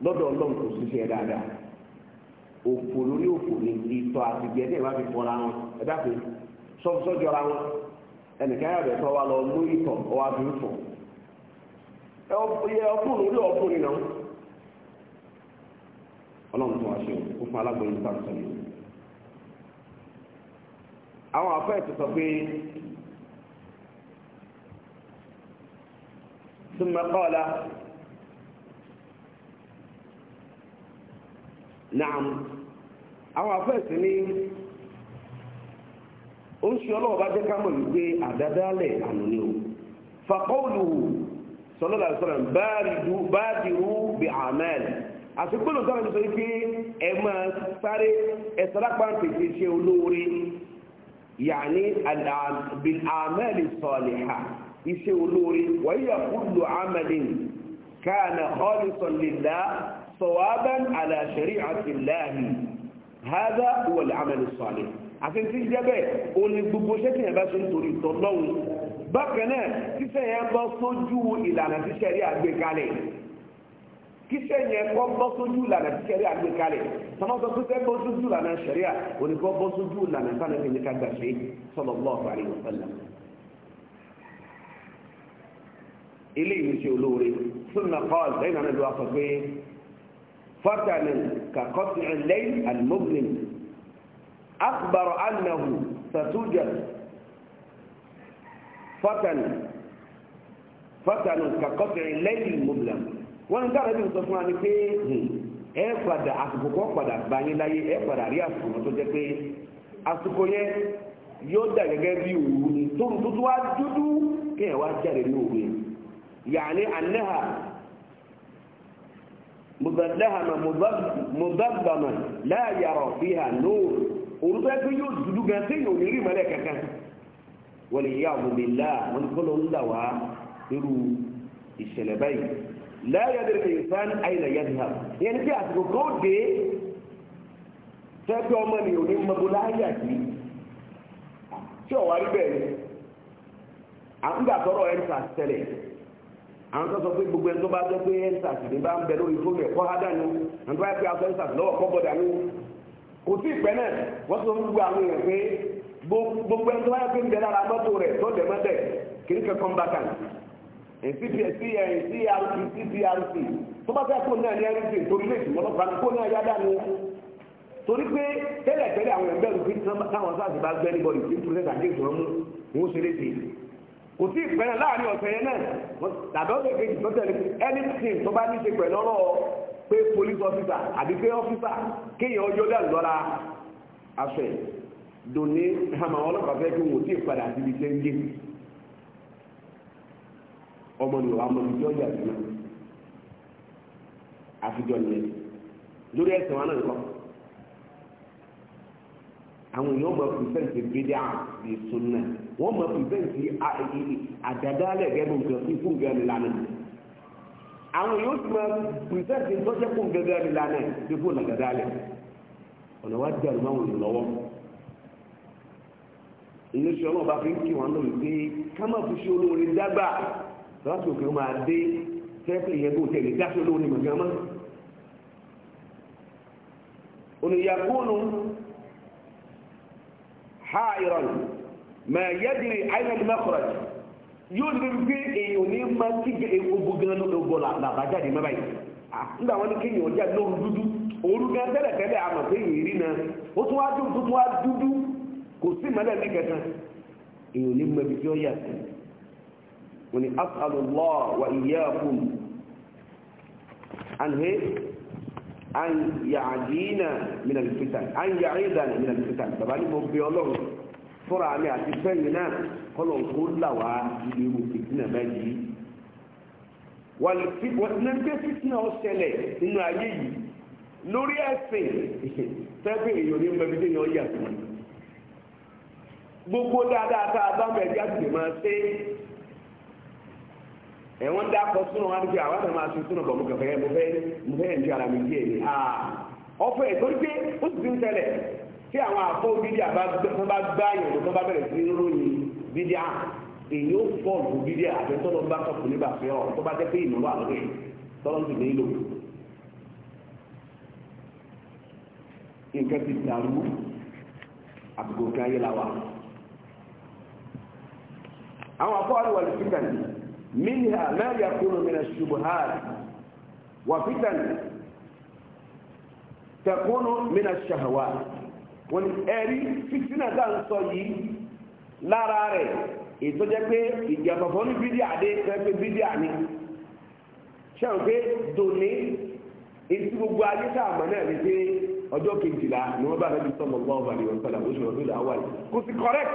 lọ́dọ̀ Ọlọ́run kò ṣiṣẹ́ dáadáa òfò lórí òfò ni ìtọ àtìgbẹ ní ìwà fi fọra wọn ẹ dákun sọfúnṣọ wọn ẹnìkan yàrá ẹ tọ lọ mú ìtọ ọwọ́ iye ọkùn lórí ọkùn nínú ọlọ́run tó wá ṣe ó fún alágbóyún bá Awọn afọ àwọn afẹ́ẹ̀tì sọ pé ثم قال awọn àwọn afẹ́ẹ̀tì ní ó ń ṣe ọlọ́wọ́ bá jẹ́ ká mọ̀ wípé àdádálẹ̀ àná ni ó sọlọ́lá sọ̀rọ̀ báàdìrú bí àmàlì àfikún òtọ́ àti sọ pé ẹ máa sáré ẹ sọ́lá pàǹtẹ̀kì iṣẹ́ olóore yàní bí àmàlì sọ̀lìhà iṣẹ́ olóore wáyà kúlù àmàlì káàna ọ́lì sọ̀lìlá sọ̀wábán àlàṣẹ̀rí àti láàrin hádà wọ̀lẹ̀ àmàlì sọ̀lì àfi tí jẹ́ bẹ́ẹ̀ ó bá ṣe ń torí tọ́lọ́run bákan náà kíṣẹ́ yẹn bọ́ sójú ìlànà tí sẹ́rí àgbé kalẹ̀ kíṣẹ́ yẹn kọ́ bọ́ sójú ìlànà tí sẹ́rí àgbé kalẹ̀ tọ́mọ́tọ́ kíṣẹ́ bọ́ sójú ìlànà sẹ́ríà oníkọ́ bọ́ sójú ìlànà sáré fi ní ká gbà ṣe sallallahu alaihi wasallam. ilé ìwé ṣe olóore sunna paul lẹ́yìn náà ló wá sọ pé fatani kakọ́sì lẹ́yìn alimọ́gbìn akbar anahu satujan fátànù fátànù kàkọ́tẹ̀rẹ̀ lẹ́yìn mọ́bìlàm wọ́n ní káàdì ń sọ fún wa ni pé hmm, ẹ padà àsìkò kan padà bá yín láyé ẹ padà rí àsìkò kan tó jẹ́ pé àsìkò yẹn yóò dà gẹ́gẹ́ bí òru ni tóru tuntun wá dúdú kéèyàn wá jáde ní òru yẹn yàní anaha mudalahama mudabama láàyàrọ̀ fìhà nóòrù òru tó yẹ pé yóò dúdú gan téèyàn ò ní rí ìmọ̀lẹ̀ kankan. wọ́n yẹ àbùmílà wọ́n ní ń là wá irú ìṣẹ̀lẹ̀ báyìí láyé adé rẹ̀ ìsán àyìnlá yẹn nìyà yẹn ní àsìkò kan dé fẹ́ẹ́ ọmọ mi ò ní mọ́gbó láyé àti tí ọ̀wá rí bẹ́ẹ̀ àwọn sọ pé gbogbo ẹni tó bá pé bá ń ẹ̀kọ́ hádàní àwọn tó bá yẹ pé aṣọ lọ́wọ́ gbogbo ẹni tó wáyé pé ń bẹ lára mọ́tò rẹ̀ tó dẹ̀ mọ́tẹ̀ kìí kẹ́ kọ́mbákàn ncprc crc cprc tó bá fẹ́ kó náà ní ẹrìndì torí lè tìmọ́ lọ́pàá kó náà yá dànù torí pé tẹ́lẹ̀ tẹ́lẹ̀ àwọn ẹgbẹ́ rẹ̀ fi táwọn sáàsì bá gbẹ́ níbọ̀dì tí tó lẹ́sà dé ìṣòro mú wọn ṣe léṣe kò sí ìpẹ́rẹ́ láàrin ọ̀sẹ̀ yẹn náà tàbí ọ̀sẹ̀ kejì tó tẹ̀lé anything tó bá ní ṣe pẹ̀lú ọ̀rọ̀ pé police officer àbí pé officer kéèyàn ọjọ́ dànù lọ́ra aṣọ ẹ̀ dòní hama ọlọ́pàá fẹ́ kí wò tí ì padà síbi tẹ́ ń gé ọmọ ni wàá mọ ibi tí ó yà sí náà àfijọ́ ni na ẹ̀sìn wa náà kọ́ àwọn èèyàn máa pìfẹ́ǹtì bídíà di sunna wọ́n máa pìfẹ́ǹtì àdàdálẹ̀ gẹ́gẹ́ nǹkan sí fún gẹ́gẹ́ àwọn fún fún ọ̀nà wa dẹ̀rù máa lọ́wọ́. ìlú ìṣọ́ náà bá fi ń kí wọn lórí pé ká má fi ṣe olóore dágbà láti òkè máa dé tẹ́tẹ̀ ìyẹn kó tẹ̀lé dáṣẹ́ olóore mọ̀gán mọ́. olùyàkúnù ha ìrọ̀lù yẹ́dìrì mẹ́kọ̀rọ̀ yóò èèyàn ní máa làbájáde yìí nígbà wọn ní kéèyàn lóru dúdú àmọ̀ pé náà ó tún wá dúdú kò sí ìmọ̀lẹ̀ ní kẹta èèyàn ní mọ̀ ibi tí ó yà sí wọn ni asàlùlọ́ wa ìyá fún anhe an yàdínà mina lùfítà an yàdínà mina lùfítà bàbá ní mo bí ọlọ́run fúnra mi àti fẹ́yìn náà kọ́lọ̀ kó là wá ilé ìwò fìtínà báyìí wọ́n ti gbé fìtínà ọ̀sẹ̀lẹ̀ nínú ayé yìí lórí ẹ̀sìn [LAUGHS] tẹ́gbẹ́ èèyàn ní mọ̀ tí ó yà sí wọn gbogbo dáadáa tá a bá mẹ́jọ àti máa ṣe ẹ̀wọ̀n dákọ̀ súnà wọn àdúgbò àwọn àtàwọn aṣọ súnà bọ̀ mo kẹfẹ́ mo fẹ́ mo fẹ́ ẹ̀jọ́ ara mi díẹ̀ ni ọ̀fẹ́ torí pé ó sì ti ń tẹ̀lẹ̀ tí àwọn àfọ bídí àbá bá gbá ìrìn tó bá bẹ̀rẹ̀ sí ròyìn bídí à èyí ó fọ́ ọ̀dùn bídí àtẹ́tọ́lọ́ bá sọ̀kù nígbà fẹ́ ọ̀ tó bá jẹ́ pé ìnáwó àlọ́rẹ̀ tọ́lọ́ sì nílò nǹkan ti dàrú àbùkù kan ayé la wà àwọn afọ́wárí wà lùfítàn minha ma yakunu min ash-shubuhat wà fítàn takunu min ash-shahawat wọn ẹ̀rí fítínà tá à ń sọ yìí lára rẹ̀ ètò jẹ́ pé ìjàpàpọ̀ ní fídíà dé fẹ́ pé fídíà ni ṣẹ́wọ̀n pé dòní ètò gbogbo ayé tá a mọ̀ náà ni pé ọjọ́ kejìlá ni wọ́n bá rẹ̀ bí sọ́mọ̀ gbọ́ ọ̀bàlẹ̀ ọ̀sán àbóṣe ọdún ìdáwà yìí kò sí correct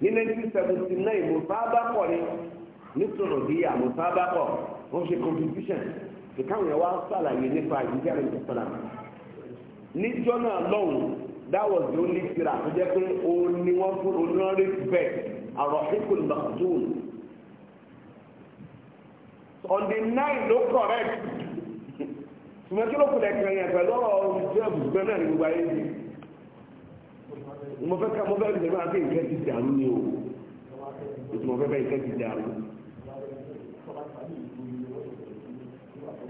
ní 1979 mùsábàkọ̀ ni ní sọ̀rọ̀díyà mùsábàkọ̀ wọ́n ṣe competition ìkáwọn yẹn wá sàlàyé nípa ìdíjà rẹ̀ tó sọ̀rọ̀ níjọ́ náà lọ́hùn that was the only tira tó jẹ́ pé òun ni wọ́n fún oníwọ́n rí bẹ́ẹ̀ àròhìnkùn bàtún on the nine ló correct ṣùgbọ́n kí ló kù lẹ́kàn yẹn pẹ̀lú ọ̀rọ̀ ìjọba ìgbẹ́ náà ní gbogbo ayé yìí mo fẹ́ ká mo fẹ́ lè máa fi nǹkan ti dàrú ni o ètò mo fẹ́ fẹ́ nǹkan ti dàrú.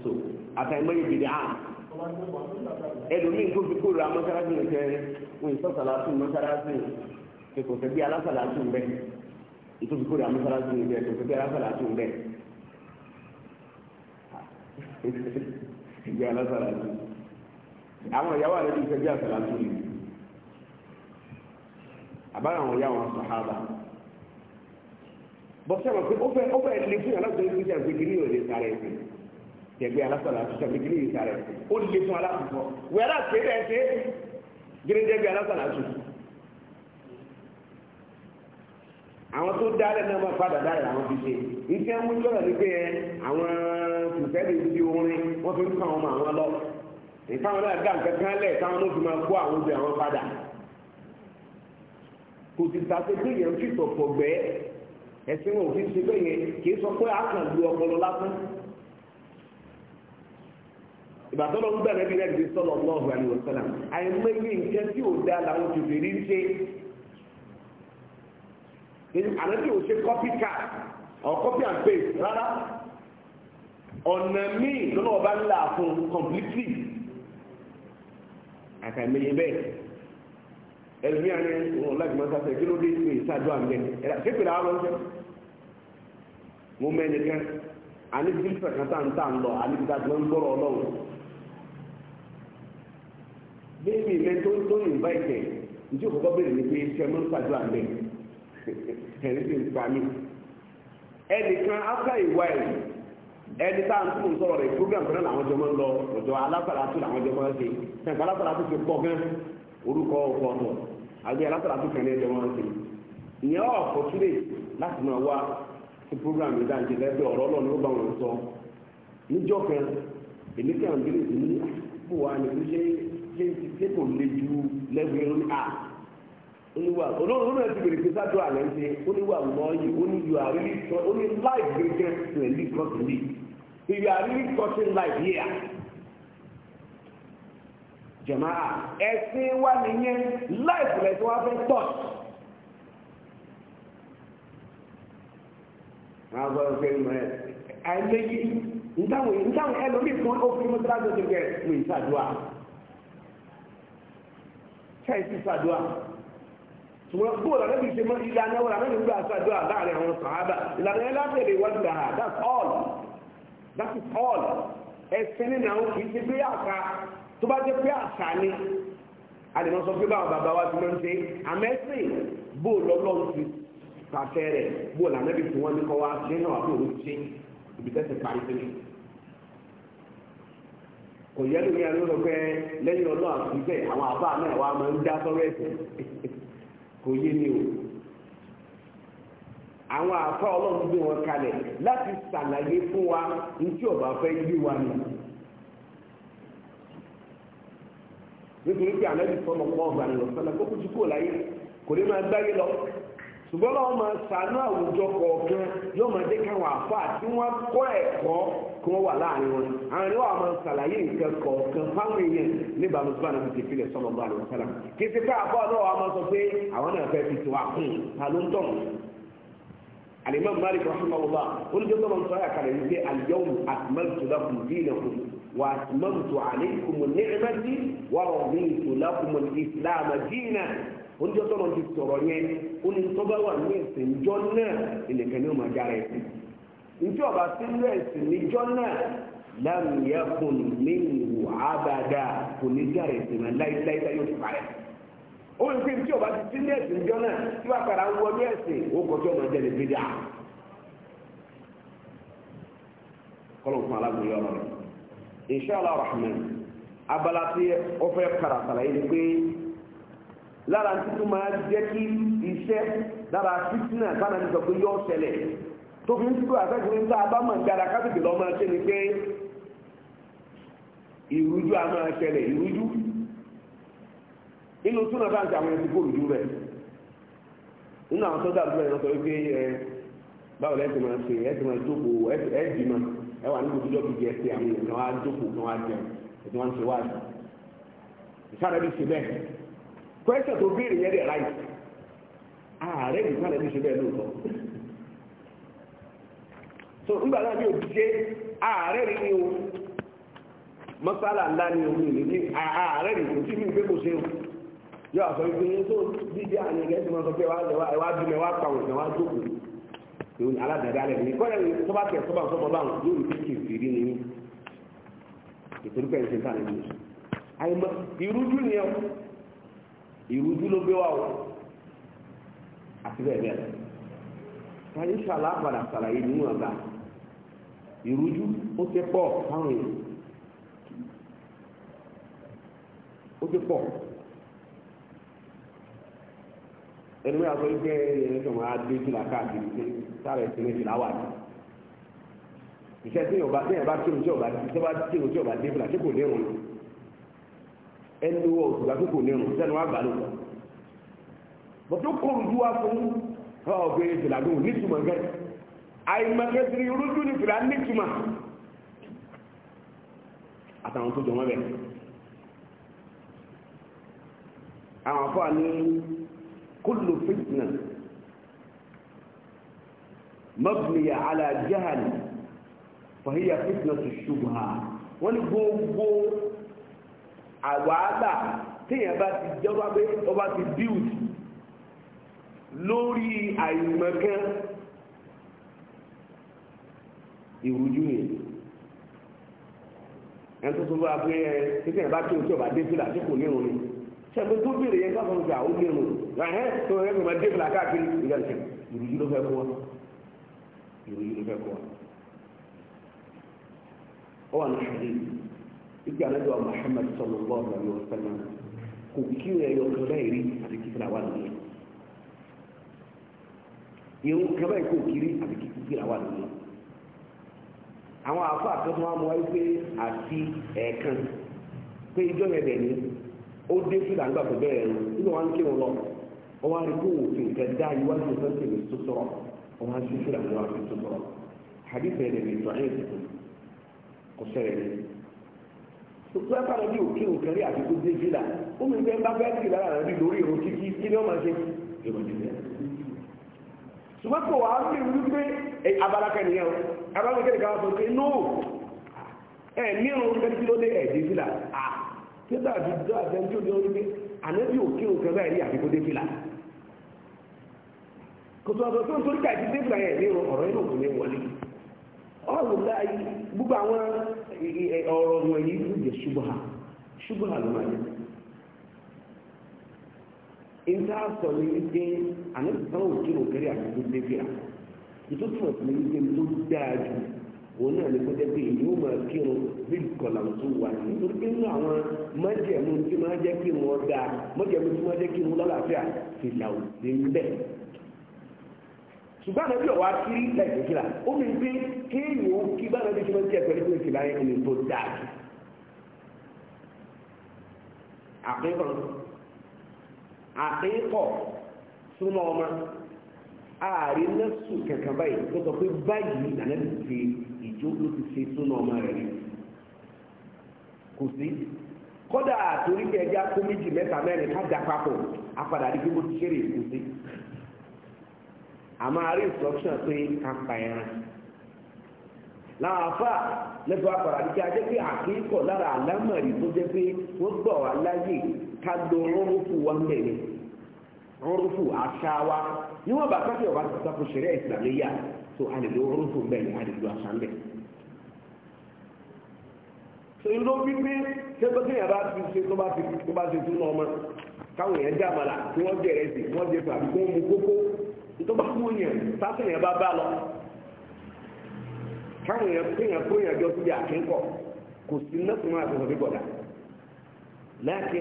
so àtàìmọ́ yìí bìdí à ẹlòmíín tó fi kóra mọ́sálásí rẹ̀ kẹ́ wọ́n yìí sọ̀sálásí mọ́sálásí kẹ̀kọ́ fẹ́ bí alásàlásí ń bẹ̀ ètò fi kóra mọ́sálásí rẹ̀ kẹ́ kẹ̀kọ́ bí alásàlásí ń bẹ̀ [LAUGHS] ìgbé alásàlásí àwọn ìyàwó àlejò ìfẹ́ bí alásàlásí rẹ̀ àbára àwọn ìyá wọn sàhábà bọ́sẹ̀ wọn pé ó fẹ́ ó fẹ́ lè fún aláṣọ ìlú ìjà pé kìnìún ò lè sáré ẹ̀sìn tẹ̀gbẹ́ aláṣọ àtúnṣe pé kìnìún yìí sáré ẹ̀sìn ó lè fún aláṣọ wẹ́rẹ́ àti ẹ̀rẹ́ ẹ̀sìn gírígẹ́ bí aláṣọ àtúnṣe. àwọn tó dá lẹ́nu ọmọ padà dá ìlànà fi ṣe iṣẹ́ mú lọ́rọ̀ ní pé àwọn kùfẹ́lì ti orin wọ́n fi ń kọ́ àwọn ọmọ àwọn lọ ìfáwọn náà dá nǹkan kan lẹ̀ táwọn ló fi máa kó àwọn obìnrin àwọn padà kò sì sàpèjì yẹn ti tọ̀pọ̀ gbẹ́ ẹ̀sìn wọn ò fi ṣe bẹ́ẹ̀ kì í sọ pé a kàn lu ọpọlọ lásán. ìbátan lọ ń bẹ̀rẹ̀ bí rẹ̀ gbèsè lọ lọ́ọ̀hún àlè wọ̀sánà àìmọye nǹkan tí ò dáa làwọn tòbí rí ń ṣe. àná tí ò ṣe kọ́pì ká ọ̀ kọ́pì and paste rárá ọ̀nà míì lọ́nà ọba ńlá fún completely àkàìmọye bẹ́ẹ̀ ẹlòmíà ni wọn láti máa sáfẹ́ kí ló dé pé ìsájọ́ àmì ẹ̀rọ ṣépèrè àwọn ọ̀sẹ̀ mo mẹ́ni kan àníbi fẹ̀kátà ń tà ń lọ àníbi tá a ti máa ń gbọ́rọ̀ ọlọ́run bẹ́ẹ̀ni ìmẹ́ tó ń tó ń bá ìtẹ̀ ní tí o kọ́kọ́ ní pé ṣe mọ́ ń ṣàdúrà mẹ́ ẹ̀rí sì ń pa mí ẹnìkan after a while ẹni tá à ń tún sọ̀rọ̀ rẹ̀ program kan náà làwọn jọ máa ń lọ ọ̀dọ̀ aláfàlà tó làwọn jọ ń ṣe orúkọ ọkọ àbí alátàlátù kan ní ẹjọ́ wọn sí ìyẹn ọ̀pọ̀ sílẹ̀ láti máa wá sí program yìí dáńjẹ lẹ́gbẹ́ ọ̀rọ̀ ọlọ́run ló bá wọn sọ níjọ́ kan èmi kí àwọn ìbílẹ̀ ní bò wá ní ṣe ṣe kò le ju lẹ́gbẹ̀ẹ́ à oníwà olóòrùn ti bèrè pé àlẹ́ ń ṣe oníwà lọ́ọ̀yì oníyù àrílí sọ oní láì jamaa ẹ̀sìn wa nìyẹn láìpìlẹ̀ tí wọ́n fẹ́ tọ̀. wọ́n á gbọ́dọ̀ pé mọ̀ ẹ́ àìlèyí ntáwọn ntáwọn ẹlòmíì kan ó fi mọ́tàlásì tó gẹ̀ mú ìsàdúrà kẹ́ẹ̀sì ìsàdúrà ṣùgbọ́n bóòlù àlẹ́bí ṣe mọ́ ilé anáwó àlẹ́bí gbé àṣàdúrà láàrin àwọn sàádà ìlànà ẹ̀ láti wájú dàá that's all is all ẹ̀sìn nínú àwọn kì í ṣe gbé tó bá jẹ́ pé àṣà ni a lè mọ sọ pé báwọn bàbá wa ti máa ń ṣe àmẹ́sìn bó lọ́lọ́run ti pàṣẹ rẹ̀ bó lànàbí ní kọ́ ṣe náà ibi tẹ́sẹ̀ parí sí ni. kò yẹ lọ pé lẹ́yìn ọlọ́ àwọn àbá náà máa ń dá sọ́rọ́ kò yé ni o. àwọn ọlọ́run kalẹ̀ nítorí pé ànábì sọ̀nà pọ̀ ọ̀gbà lọ sọ̀nà kó kújú kúrò láyé kò ní máa gbáyé lọ ṣùgbọ́n náà máa sànú àwùjọ kọ̀ọ̀kan yóò máa dé káwọn àfáà tí wọ́n kọ́ ẹ̀kọ́ kí wọ́n wà láàrin wọn àárín wọn máa ṣàlàyé nǹkan kọ̀ọ̀kan fáwọn èèyàn nígbà tó bá nàbìtì ìpìlẹ̀ sọ̀nà ọ̀gbà lọ sọ̀nà kí ti pé pé àwọn náà fẹ́ fi tiwa kún ta ló ń tọ̀hún alimami malik rahimahullah oníjọ́ tó وأتممت عليكم النعمة ورضيت لكم الإسلام دينا oúnjẹ tó lọ ti sọ̀rọ̀ yẹn ó ní tó bá wà ní ẹ̀sìn níjọ́ náà ìnìkan ní ọmọ ajá rẹ̀ sí ọba sínú ẹ̀sìn níjọ́ náà lámìyá kò ní ìwò àbàdà kò ní já rẹ̀ náà láíláí tá yóò ti parẹ́ ó ní pé njẹ́ ọba ti sínú ẹ̀sìn níjọ́ náà tí wàá padà wọ ní ẹ̀sìn ó kọ́ tí ọmọ ajá dà kọ́lọ̀ fún alágbèéyọ̀ rẹ̀. Inshallah, rahman abala tí ó fẹ́ kàrà sàlàyé ni pé lára títún máa jẹ́ kí iṣẹ́ lára fitinà sára ní pé yóò ṣẹlẹ̀ tó fi ń tó àtẹ́kùnrin tá a bá mọ̀ gbára kábìkì lọ́mọ ṣe ni pé ìrújú a máa ṣẹlẹ̀ ìrújú inú túnà bá ń ṣe àwọn ẹni tí kò rújú rẹ̀ nínú àwọn sọ́jà àdúgbò ẹ̀rọ sọ wípé ẹ báwo lẹ́sìn máa ṣe ẹ̀sìn máa jókòó ẹ̀sìn máa ẹ wà nínú ìjọba ìjẹ ẹsẹ àwọn èèyàn náà jókòó náà á jẹun ètò wọn ti wá àjò ìsára bí ṣe bẹ́ẹ̀ kwẹsẹ tó béèrè yẹn so ńgbà náà bí òjijé ààrẹ rí ni o mọ́sálà ńlá ni omi ìlú ààrẹ rí kò tí mi gbé kò ṣe o yọ àfọwọ́ tó dídí àná pé aládàáda alẹ́ nìyí kọ́lẹ́ ní tọ́ba kẹ̀ tọ́ba sọ́ba báwọn yóò ní kí n fìrí nìyí ìtòrí pẹ̀lú ṣe ń tà ní ìlú àyìnbó ìrújú ni ọ ìrújú ló gbé wa o àti bẹ́ẹ̀ bẹ́ẹ̀ ta inṣàlá padà sàlàyé nínú ọ̀gá ìrújú ó ti pọ̀ fáwọn èèyàn ó ti pọ̀. ẹni wíwá sọ wípé ẹni tó máa dé jìlá káàkiri pé sáré ti ní jìlá ní. ìṣẹ́ tí yóò bá tí yóò bá tí yóò bá tí yóò bá tí yóò bá dé jìlá tí kò nírun ẹni wọ òṣùgbà tí kò nírun sẹ́nu wá gbà lóko. bọ́tú kò ń dúwá fún ọ̀gbẹ́ jìlá lóhùn nítumọ̀ gẹ́ àìmọ̀kẹ́sìrì ní jìlá nítumọ̀ àtàwọn tó jọ wọn bẹ̀. àwọn afọ àní كل فتنة مبنية على جهل فهي فتنة الشبهة ونقوم àwàádà tíyàn bá ti jọba pé ọba ti build lórí àìmọ̀kan ìrújú ni ẹn tó tó bá pé ẹ tíyàn bá kí o tí ọba dé fílà tí kò nírun ni ṣẹ́gun tó bèrè yẹn káfọ́n gbà ó nírun ẹ̀hẹ́n tó ẹ̀ mọ̀ dé fìlà káàkiri ìyá ìṣẹ̀ ìròyìn ló fẹ́ kó wa ìròyìn ló fẹ́ kó wa. ó ni ọwọ́ àríkó òfin kẹta iwájú ìfẹsẹ̀ lè tó sọ̀rọ̀ ọwọ́ àṣìṣe àwọn àfi tó sọ̀rọ̀ hadith ẹ̀rẹ̀ lè tọ́ ẹ̀yẹ tuntun kò sẹ̀rẹ̀ lé. tuntun ẹ̀ka lọ bí òkè òkè rí àti tó dé fílà ó mi fẹ́ bá bẹ́ẹ̀ kì lára rẹ̀ bí lórí ìrò kíkí kí ni ó máa ṣe èrò jìnnà. ṣùgbọ́n kò wá sí wípé abalaka nìyẹn abalaka nìkan sọ pé no ẹ̀ mírun kẹ́kí ló dé ẹ̀ dé fílà tẹ́tà ah. àti dá àtẹ́ńtì ó kò tó ọ̀dọ̀ ń torí káàkiri dé ìgbà ní ọ̀rọ̀ inú ní wọlé ọ̀rọ̀ láyé gbogbo àwọn ọ̀rọ̀ ló jẹ́ ṣubúhà ṣubúhà ló nta sọ ní ike òkè òkèrè ní ike tó dáa jù wọn náà ní kọjá pé máa kírun bí kọlà tó wà pé nínú àwọn tí máa jẹ́ kírun ọ̀dà tí máa jẹ́ kírun lálàáfíà ṣùgbọ́n àwọn ẹbí ọ̀wá kiri láìpẹ́ kí la ó mi gbé kéèyàn ó kí bá ẹbí tí wọ́n ti ẹ̀ pẹ̀lú pé kìlá yẹn kìlẹ̀ tó dáa jù. àkíkọ̀ àkíkọ̀ súnmọ́ ọmọ ààrin náà sùn kankan báyìí tó sọ pé báyìí nàná ti ṣe ìjókòó ti ṣe súnmọ́ ọmọ rẹ̀ rí kò sí kódà torí kẹjá kó méjì mẹ́ta mẹ́rin ká dà papọ̀ apàdà àdìgbò ti ṣeré kò sí àmọ́ àrí instruction pé ká pa ẹran láwọn afa lẹ́fọ̀ apàrà àti kí a jẹ́ pé àkíkọ̀ lára àlámọ̀rí tó jẹ́ pé wọ́n gbọ́ wá láyè ká lo rọ́rùfù wa ń bẹ̀rẹ̀ rọ́rùfù àṣà wa níwọ̀n bá káfíọ̀ bá ti sàkó ṣẹ̀rẹ̀ ìsìlámẹ́yà tó a lè lo rọ́rùfù bẹ́ẹ̀ ni a lè lo àṣà ń bẹ̀rẹ̀ ìlú wípé tẹ́tọ́ tí yàrá ti ṣe tó bá ti tó bá ti túnú ọmọ káwọn èèyàn jàmàlà tó bá mú yẹn sáfẹ́ yẹn bá bá lọ káwọn yẹn péyàn péyàn jọ síbi àkínkọ kò sí nẹ́sùn náà àtúnṣe gbọ̀dá láti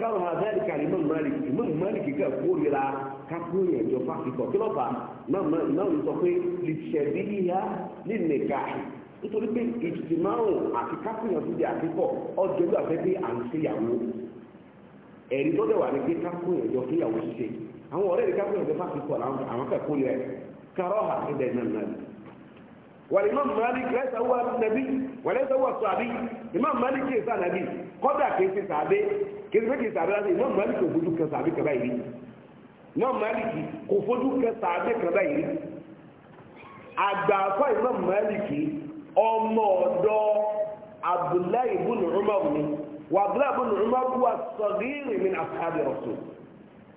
káwọn àdáyé kan ní mọ́mú malik mọ́mú malik kà kórira ká péyàn jọ fáfikọ̀ kí lọ́ba náà ń sọ pé lìṣẹ̀dí yíyá nínìkà nítorí pé ìtìmáwò àti kápẹ́yàn síbi àkínkọ̀ ọjọ́ ìgbà fẹ́ pé à ń ṣèyàwó ẹ̀rí tó dẹ̀ wà ní pé kápẹ́yàn jọ fẹ́yàwó ṣiṣẹ́ àwọn ọ̀rẹ́ ìdíkà fún ìdíkà fún ìkọlà àwọn kẹ́kọ̀ọ́ rẹ̀ kàrọ́hà ẹ̀dẹ̀ náà náà wàlẹ̀ imam malik lẹ́sà wà nàbí wàlẹ̀ sà wà sàbí imam malik kìí sà nàbí kọ́dà kìí sè sàbé kìí sè kìí sàbé láti imam malik kò fojú kan sàbé kaba yìí imam malik kò fojú kan sàbé kaba yìí àgbàfọ imam malik ọmọ ọ̀dọ̀ abdullahi ibùn umar ni wà abdullahi ibùn umar wà sọ̀rọ̀ ìrìn mi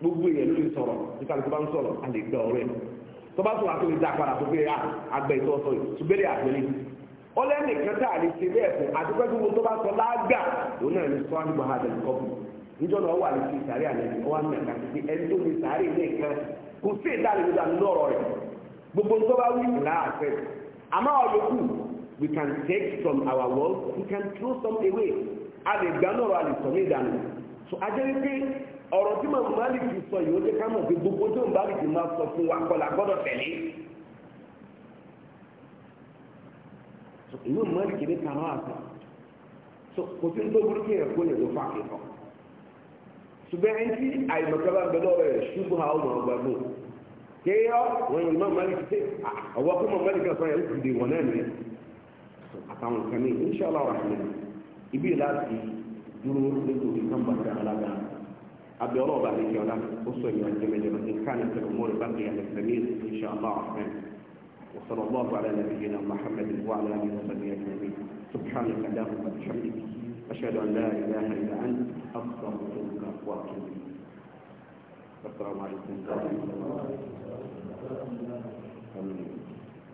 gbogbo èèyàn ló lè sọ̀rọ̀ nípa ló bá ń sọ̀rọ̀ a lè gbọ́ ọ̀rọ̀ ẹ̀ tó bá sọ̀rọ̀ àti lè dá padà tó pé àgbẹ̀ ah, ìtọ́ sọ ṣùgbẹ́lẹ̀ àgbẹ̀lẹ̀ ó lẹ́nu ìkan tá a lè ṣe bẹ́ẹ̀ fún àti pé gbogbo tó bá sọ lágbà òun náà lè sọ àdúgbò àdà ìkọ́bù níjọ́ náà wà lóṣù sàárè àlẹ́ ọwọ́ àmì àkàtúntì ẹni tó lè sàárè ní ìkan kò sí ìdánilójà lọ́rọ̀ rẹ̀ gbogbo tó bá wí láàfẹ́ àmọ́ ọ̀yọ́kù we can take from our world we can throw some away a lè gbà lọ́rọ̀ a lè sọ ní ìdánilójà so ajẹ́ wípé ọ̀rọ̀ tí màmú Málìkì sọ yìí ó jẹ́ ká mọ̀ pé gbogbo tó ń Málìkì máa sọ fún wa kọ́ gbọ́dọ̀ tẹ̀lé. ìlú Málìkì ní kàrọ́ àtà kò sí nítorí burúkú yẹn kó yẹn ló fà ṣùgbọ́n ẹni tí rẹ̀ ṣubú ha ọmọ ọgbà wọn ọwọ́ sọ yẹn náà أبي الله بعد كذا أصل من الجميع إن كانت الأمور باقية للسمير إن شاء الله الرحمن وصلى الله على نبينا محمد وعلى آله وصحبه أجمعين سبحانك اللهم وبحمدك أشهد أن لا إله إلا أنت أستغفرك وأتوب إليك السلام عليكم ورحمة الله وبركاته